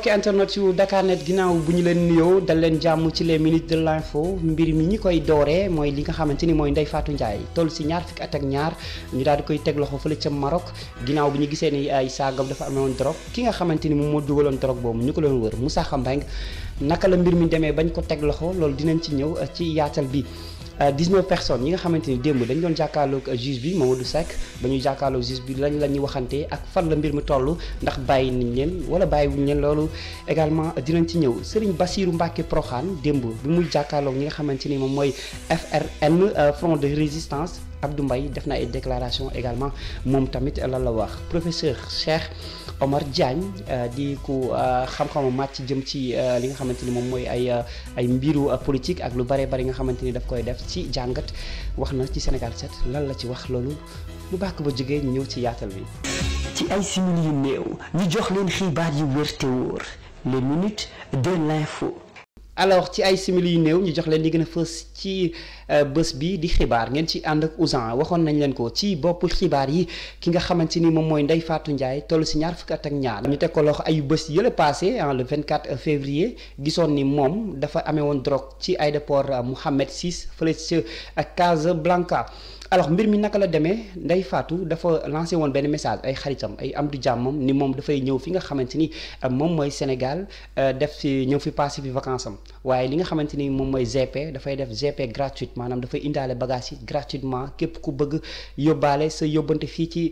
mbokki internet yu Dakar ginnaaw bu ñu leen nuyoo dal leen jàmm ci les minutes de l'info mbir mi ñi koy dooree mooy li nga xamante ni mooy Ndeye Fatou Ndiaye toll si ñaar fukki at ñaar ñu daal di koy teg loxo fële ca Maroc ginnaaw bi ñu gisee ni ay saagam dafa amoon drogue ki nga xamante ni moom moo dugaloon drogue boobu ñu ko doon wër Moussa Xambang naka la mbir mi demee bañ ko teg loxo loolu dinañ ci ñëw ci yaatal bi. 19 euh, personnes yi nga xamante ni démb dañ doon jàkkaarloog juge bi Mamadou Seck ba ñu jàkkaarloog juge bi lañ la ñuy waxante ak fan la mbir mi toll ndax bàyyi nañ leen wala bàyyiwuñ leen loolu également dinañ ci ñëw Serigne Bassirou Mbacké Proxaan démb bi muy jàkkaarloog ñi nga xamante ni moom mooy FRN euh, Front de Résistance Abdou Mbaye def na ay déclaration également moom tamit lan la wax professeur Cheikh Omar Diagne euh, di ku euh, xam-xamu ci jëm ci euh, li nga xamante ni moom mooy ay ay mbiru politique ak lu bare bari nga xamante ni daf koy def ci jàngat wax na ci Sénégal 7 lan la ci wax loolu mu bàkk ba jógee ñëw ci yaatal bi. ci ay simili yu néew ñu jox leen xibaar yu wér te wóor de l'info alors ci ay simili yu néew ñu jox leen li gën a fës ci euh, bés bi di xibaar ngeen ci ànd ak Ousan waxoon nañ leen ko ci boppu xibaar yi ki nga xamante ni moom mooy Ndeye Fatou Ndiaye toll si ñaar fukki at ñaar ñu teg ay bés yële passé en le 24 février gisoon ni moom dafa amee woon drogue ci aéroport euh, Mohammed VI fële ca euh, Casablanca alors mbir mi naka la demee Ndeye Fatou dafa lancé woon benn message ay xaritam ay am du jàmmam ni moom dafay ñëw fi nga xamante ni moom mooy Sénégal def fi ñëw fi passé fi vacance am waaye li nga xamante ni moom mooy GP dafay def GP gratuite maanaam dafay indaale bagages yi gratuitement képp ku bëgg yóbbaale sa yóbbante fii ci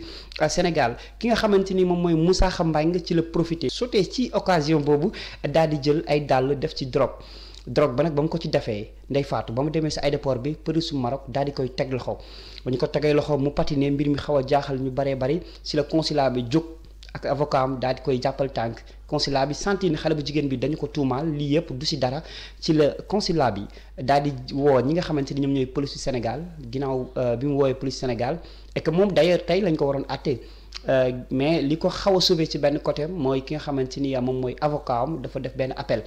euh, Sénégal ki nga xamante ni moom mooy musaa Moussa Xambang ci la profité sotee ci occasion boobu daal di jël ay dàll def ci drop drogue ba nag ba mu ko ci defee ndey faatu ba mu demee si aéroport bi polisu Maroc daal di koy teg loxo ba ñu ko tegee loxo mu patiné mbir mi xaw a jaaxal ñu baree bari si la consulat ak avocat am daal di koy jàppal tànk consulat bi sentir xale bu jigéen bi dañu ko tuumaal lii yëpp du si dara ci la consulat bi daal di woo ñi nga xamante ni ñoom ñooy police du Sénégal ginnaaw euh, bi mu woowee police Sénégal que moom d'ailleurs tey lañ ko waroon àtte euh, mais li ko xaw a sauvé ci benn côté mooy ki nga xamante ni moom mooy avocat am def benn appel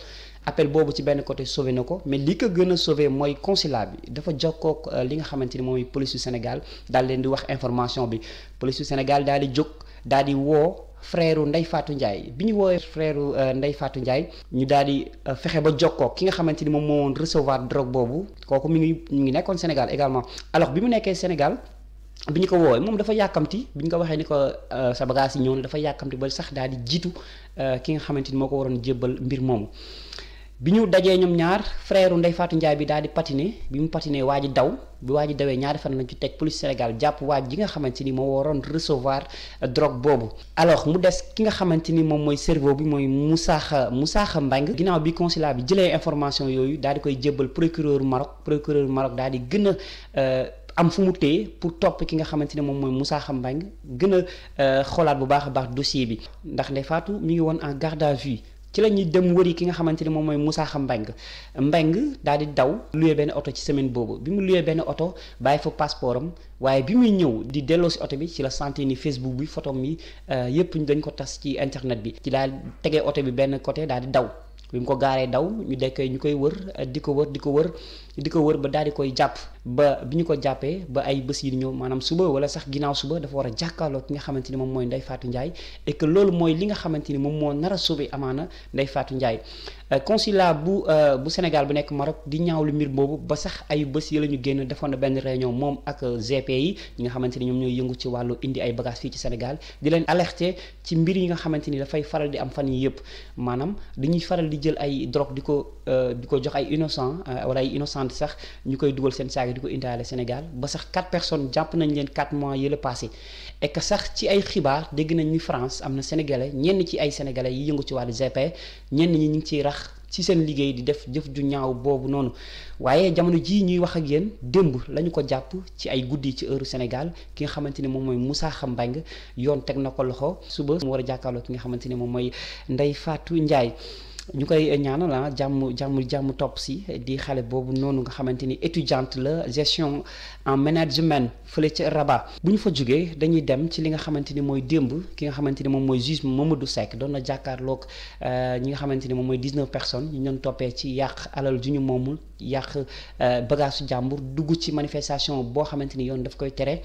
appel boobu ci benn côté sauvé na ko mais li ko gën a sauvé mooy consulat bi dafa jokkook euh, li nga xamante ni moom mooy police du Sénégal daal leen di wax information bi police du Sénégal daal di jóg daal di woo. freeru ndey faatu Ndiaye bi ñu woowee freeru euh, Ndeye Fatou Ndiaye ñu daal di euh, fexe ba jokkoo ki nga xamante ni moom moo woon recevoir drogue boobu kooku mu ngi mu ngi nekkoon Sénégal également alors bi mu nekkee Sénégal. bi ñu ko woowee moom dafa yàkkamti bi ñu ko waxee ni ko euh, sa bagage yi ñëw dafa yàkkamti ba sax daal di jiitu ki nga xamante ni moo ko waroon jébbal mbir moomu bi ñu dajee ñoom ñaar frère ndey Fatou Ndiaye bi daal di patiner bi mu patiner waa daw bi waa dawee ñaari fan lañ ci teg police Sénégal jàpp waa ji nga xamante ni moo waroon recevoir euh, drogue boobu. alors mu des ki nga xamante ni moom mooy cerveau bi mooy Moussa Moussa Mbengue ginnaaw bi consulat bi jëlee information yooyu daal di koy jébbal procureur Maroc procureur Maroc daal di gën a. Euh, am fu mu téye pour topp ki nga xamante ne moom mooy Moussa Xambang gën a euh, xoolaat bu baax a baax dossier bi ndax Ndeye Fatou mi ngi woon en garde à vue ci la ñuy dem yi ki nga xamante ni moom mooy Moussa Mbeng Mbeng daal di daw luye benn oto ci semaine boobu bi mu luye benn oto bàyyi fa passeport am waaye bi muy ñëw di delloo si oto bi ci la santé ni Facebook bi photo mi euh, yëpp dañ ko tas ci internet bi ci daal tegee oto bi benn côté daal di daw bi mu ko gaaree daw ñu dekk ñu koy wër di ko wër di ko wër di ko wër ba daal di koy jàpp ba bi ñu ko jàppee ba ay bés yi ñëw maanaam suba wala sax ginnaaw suba dafa war a jàkkaarloo ki nga xamante ni moom mooy Ndeye Fatou Ndiaye et que loolu mooy li nga xamante ni moom moo nar a sauver amaana Ndeye Fatou Ndiaye euh, consulat bu euh, bu Sénégal bu nekk Maroc di ñaaw lu mbir boobu ba sax ay bés yi la ñu génn defoon na benn réunion moom ak euh, GP yi ñi nga xamante ni ñoom ñooy yëngu ci wàllu indi ay bagages fii ci Sénégal di leen alerter ci mbir yi nga xamante ni dafay faral di am fan yëpp maanaam dañuy faral di jël ay drogue di ko di ko jox ay innocent wala ay innocente sax ñu koy dugal seen saag yooyu di ko indaale Sénégal ba sax quatre personnes jàpp nañ leen quatre mois yële passé et que sax ci ay xibaar dégg nañ ni France am na sénégalais ñenn ci ay sénégalais yi yëngu ci wàllu GP ñenn ñi ñu ngi ciy rax ci seen liggéey di def jëf ju ñaaw boobu noonu waaye jamono jii ñuy wax ak yéen démb lañu ko jàpp ci ay guddi ci heure Sénégal ki nga xamante ni moom mooy musaa Moussa Xambang yoon teg na ko loxo suba mu war a jàkkaarloo ki nga xamante ni moom mooy Ndeye Fatou ñu koy ñaanal ah jàmm jàmmu jàmm topp si di xale boobu noonu nga xamante ni étudiante la gestion en management fële ca bu ñu fa jógee dañuy dem ci li nga xamante ni mooy démb ki nga xamante ni moom mooy juge Mamadou Seck doon na jàkkaarloog euh, ñi nga ni moom mooy 19 personnes ñu doon toppee ci yàq alal ju ñu moomul yàq euh, bagaasu jàmbur dugg ci manifestation boo xamante ni yoon daf koy tere.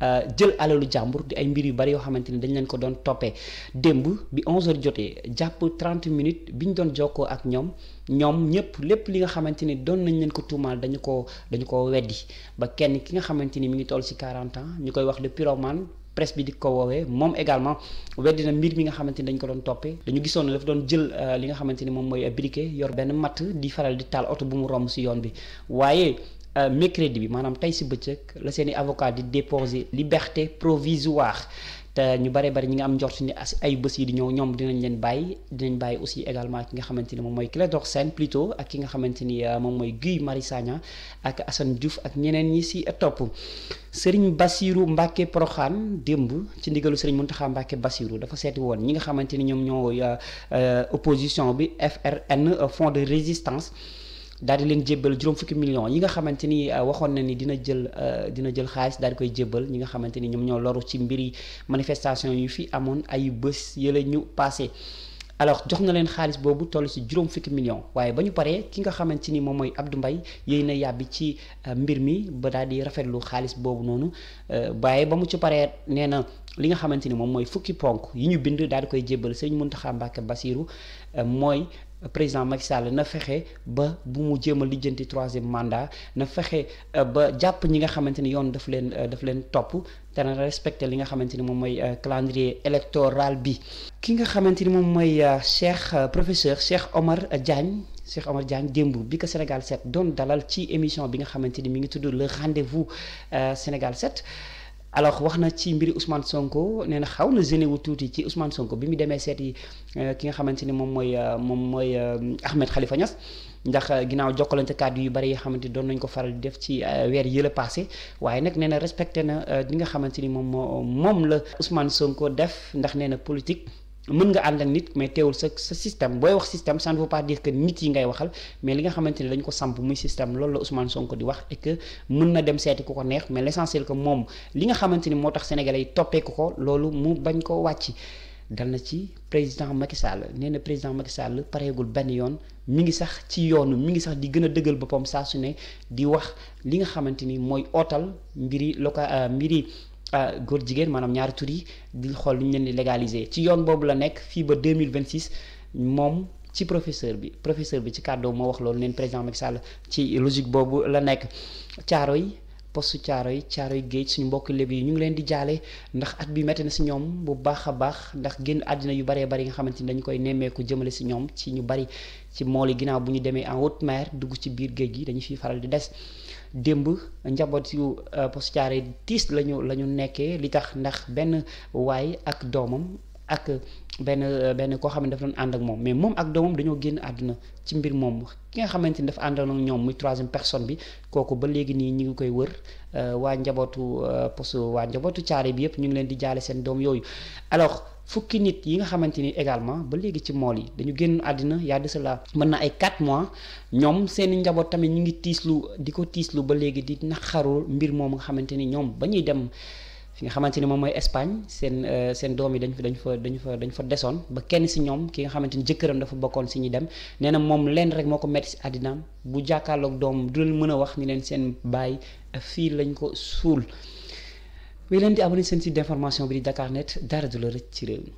Euh, jël alalu jàmbur di ay mbir yu bari yoo xamante ni dañ leen ko doon toppee démb bi 11h jotee jàpp 30 minutes bi ñu doon jokkoo ak ñoom ñoom ñëpp lépp li nga xamante ni doon nañ leen ko tuumaal dañu ko dañu ko weddi ba kenn ki nga xamante ni mi ngi toll ci 40 ans ñu koy wax le pyromane. di ko woowee moom également weddi na mbir mi nga xamante ni dañ ko doon toppee dañu gisoon ne doon jël euh, li nga xamante ni moom mooy euh, briquet yor benn matt di faral di taal oto bu mu romb ci yoon bi waaye Euh, mercredi bi maanaam tey si bëccëg la seen i avocat di déposer liberté provisoire te ñu bare bari ñi nga am njort ni ay bés di ñëw ñoom dinañ leen bàyyi dinañ bàyyi aussi également ki nga xamante ni moom mooy Clédor Sène plutôt ak ki nga xamante ni euh, moom mooy Guy Marius Sagna ak asan Diouf ak ñeneen ñi si topp Serigne basiiru Mbacké Porokhane démb ci ndigalu Serigne Mountakha Mbacké Bassirou dafa seeti woon ñi nga xamante ni ñoom ñoo euh, opposition bi FRN Front de Résistance daal di leen jébbal juróom fukki million yi nga xamante ni euh, waxoon na ni dina jël euh, dina jël xaalis daal di koy jébbal ñi nga xamante ni ñoom ñoo loru ci mbiri manifestation yu fi amoon ay bés yële ñu passé alors jox na leen xaalis boobu toll ci juróom fukki millions waaye paree ki nga xamante ni moom mooy Abdou Mbaye yéy na yàbbi ci euh, mbir mi ba daal di rafetlu xaalis boobu noonu bàyyi ba mu ci paree nee na li nga xamante ni moom mooy fukki ponk yi ñu bind daal di koy jébbal sëñ Mountakha Mbacké basiiru mooy président Macky Sall na fexe ba bu mu jéem a lijjanti troisième mandat na fexe euh, ba jàpp ñi nga xamante ni yoon daf leen euh, daf leen topp te na respecté li nga xamante ni moom mooy euh, calendrier électoral bi. ki nga xamante ni moom mooy Cheikh professeur Cheikh Omar Diagne Cheikh Omar Diagne démb bi ko Sénégal 7 doon dalal ci émission bi nga xamante ni mi ngi tudd le rendez-vous Sénégal set alors wax na ci mbiri Ousmane Sonko nee na xaw na génne wu tuuti ci usmaan Sonko bi mu demee seeti euh, ki nga xamante ni moom mooy euh, moom mooy euh, Ahmed Khalifa Niass ndax ginnaaw jokkalante kàddu yu bari yi xamante doon nañ ko faral di def ci weer yële passé waaye nag nee na respecté na li nga xamante ni moom moo moom la Ousmane Sonko def ndax nee na politique. mën nga ànd ak nit mais teewul sa sa système booy wax système ça ne veut nit yi ngay waxal mais li nga xamante ne dañ ko samp muy système loolu la Ousmane Sonko di wax et que mën na dem seeti ku ko neex mais l'essentiel ko moom li nga xamante ni moo tax sénégalais yi toppee ko loolu mu bañ ko wàcc dal na ci président Macky Sall nee na président Macky Sall pareegul benn yoon mi ngi sax ci yoonu mi ngi sax di gën a dëggal boppam saa su ne di wax li nga xamante ni mooy ootal mbiri loka euh, mbiri Ah, góor jigéen maanaam ñaari tur di xool lu ñu leen di légaliser ci yoon boobu la nekk fii ba 2026 moom ci professeur bi professeur bi ci kàddu moo wax loolu neen président Macky Sall ci logique boobu la nekk caaro yi postu caaro yi caaro yi géej suñu mbokk lébu yi ñu ngi leen di jaale ndax at bi metti na si ñoom bu baax a baax ndax génn àddina yu baree bari nga xamante ni dañu koy nemmeeku jëmale si ñoom ci ñu bari ci mool yi ginnaaw bu ñu demee en haute mer dugg ci biir géej gi dañu fiy faral di des démb njaboot yu euh, postu caaro yi tiis lañu la ñu nekkee li tax ndax benn waay ak doomam ak benn benn koo xam ne dafa doon ànd ak moom mais moom ak doomam dañoo génn àdduna ci mbir moom ki nga xamante ni dafa àndoon ak ñoom muy troisième personne bi kooku ba léegi nii ñu ngi koy wër euh, waa njabootu euh, pos waa njabootu caare bi yëpp ñu ngi leen di jaale seen doom yooyu alors fukki nit yi nga xamante ni également ba léegi ci mool yi dañu génn àddina yaa de cela mën na ay 4 mois ñoom seen njaboot tamit ñu ngi tiislu di ko tiislu ba léegi di naqaru mbir moom xamante ni ñoom ba ñuy dem fi nga xamante ni moom mooy Espagne seen euh, seen doom yi dañ fa dañ fa dañ fa dañ fa desoon ba kenn si ñoom ki nga xamante ni jëkkëram dafa bokkoon si ñu dem nee na moom leen rek moo ko metti si àddina bu jàkkaarloog doom du leen mën a wax ni leen seen baay euh, fii lañ ko suul muy leen di abonné seen si d'information bi di Dakar Net dara du la rëcc ci réew mi